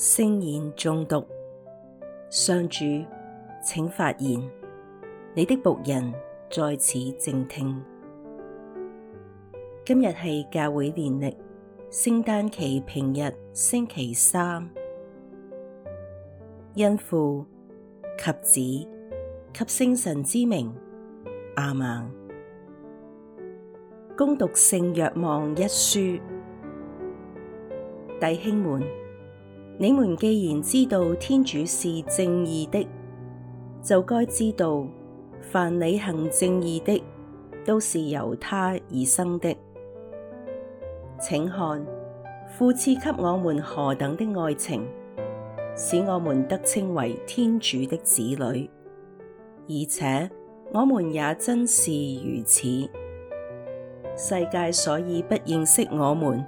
聖言誦讀，上主，請發言，你的僕人在此靜聽。今日係教會年曆聖誕期平日星期三，因父及子及聖神之名，阿門。恭讀聖若望一書，弟兄們。你們既然知道天主是正義的，就該知道凡履行正義的，都是由他而生的。請看父賜給我們何等的愛情，使我們得稱為天主的子女，而且我們也真是如此。世界所以不認識我們，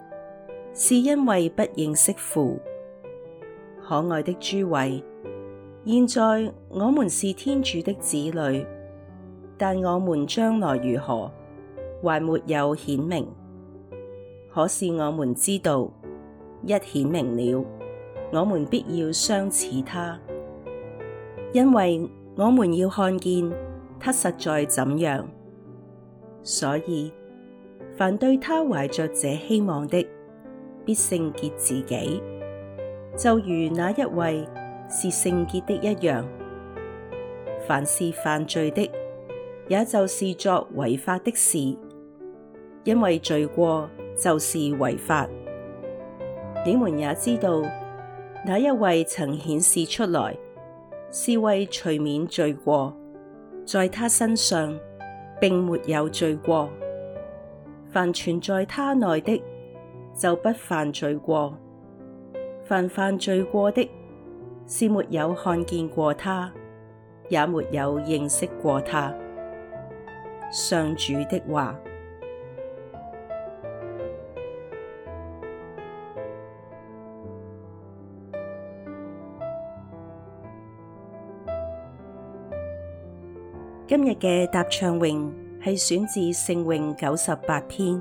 是因為不認識父。可愛的諸位，現在我們是天主的子女，但我們將來如何，還沒有顯明。可是我們知道，一顯明了，我們必要相似他，因為我們要看見他實在怎樣。所以，凡對他懷着這希望的，必聖潔自己。就如那一位是聖潔的一樣，凡是犯罪的，也就是作違法的事，因為罪過就是違法。你們也知道，那一位曾顯示出來，是為除免罪過，在他身上並沒有罪過，凡存在他內的，就不犯罪過。犯犯罪過的，是沒有看見過他，也沒有認識過他。上主的話。今日嘅答唱詠係選自聖詠九十八篇。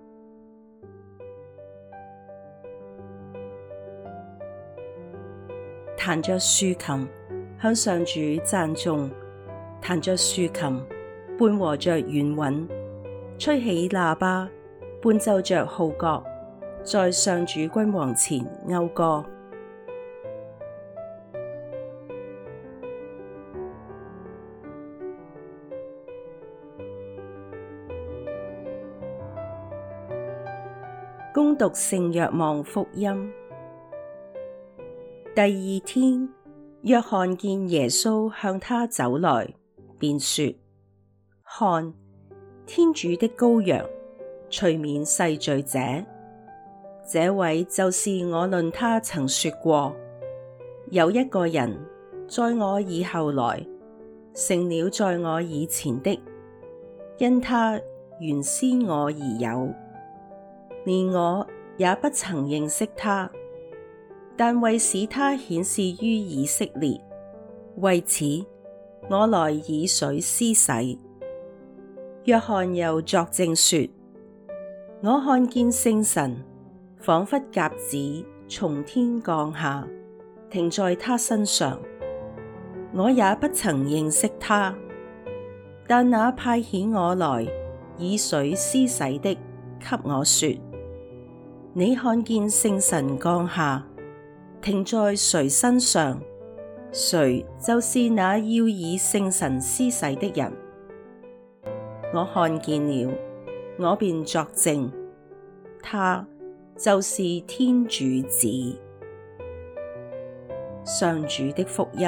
彈着豎琴，向上主讚頌，彈着豎琴，伴和着弦韻，吹起喇叭，伴奏着號角，在上主君王前謳歌。恭讀聖若望福音。第二天，若翰見耶穌向他走來，便說：看，天主的羔羊，除免世罪者。這位就是我論他曾說過，有一個人在我以後來，成了在我以前的，因他原先我而有，連我也不曾認識他。但為使他顯示於以色列，為此我來以水施洗。若翰又作證說：我看見聖神仿佛鴿子從天降下，停在他身上。我也不曾認識他，但那派遣我來以水施洗的，給我說：你看見聖神降下。停在誰身上，誰就是那要以聖神施洗的人。我看見了，我便作證，他就是天主子，上主的福音。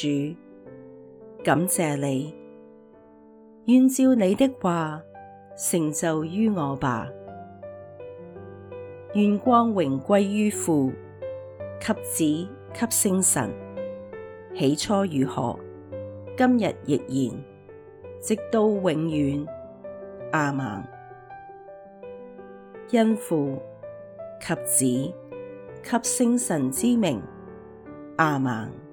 主，感謝你，願照你的話成就於我吧。願光榮歸於父、及子、及聖神。起初如何，今日亦然，直到永遠。阿們。因父、及子、及聖神之名。阿們。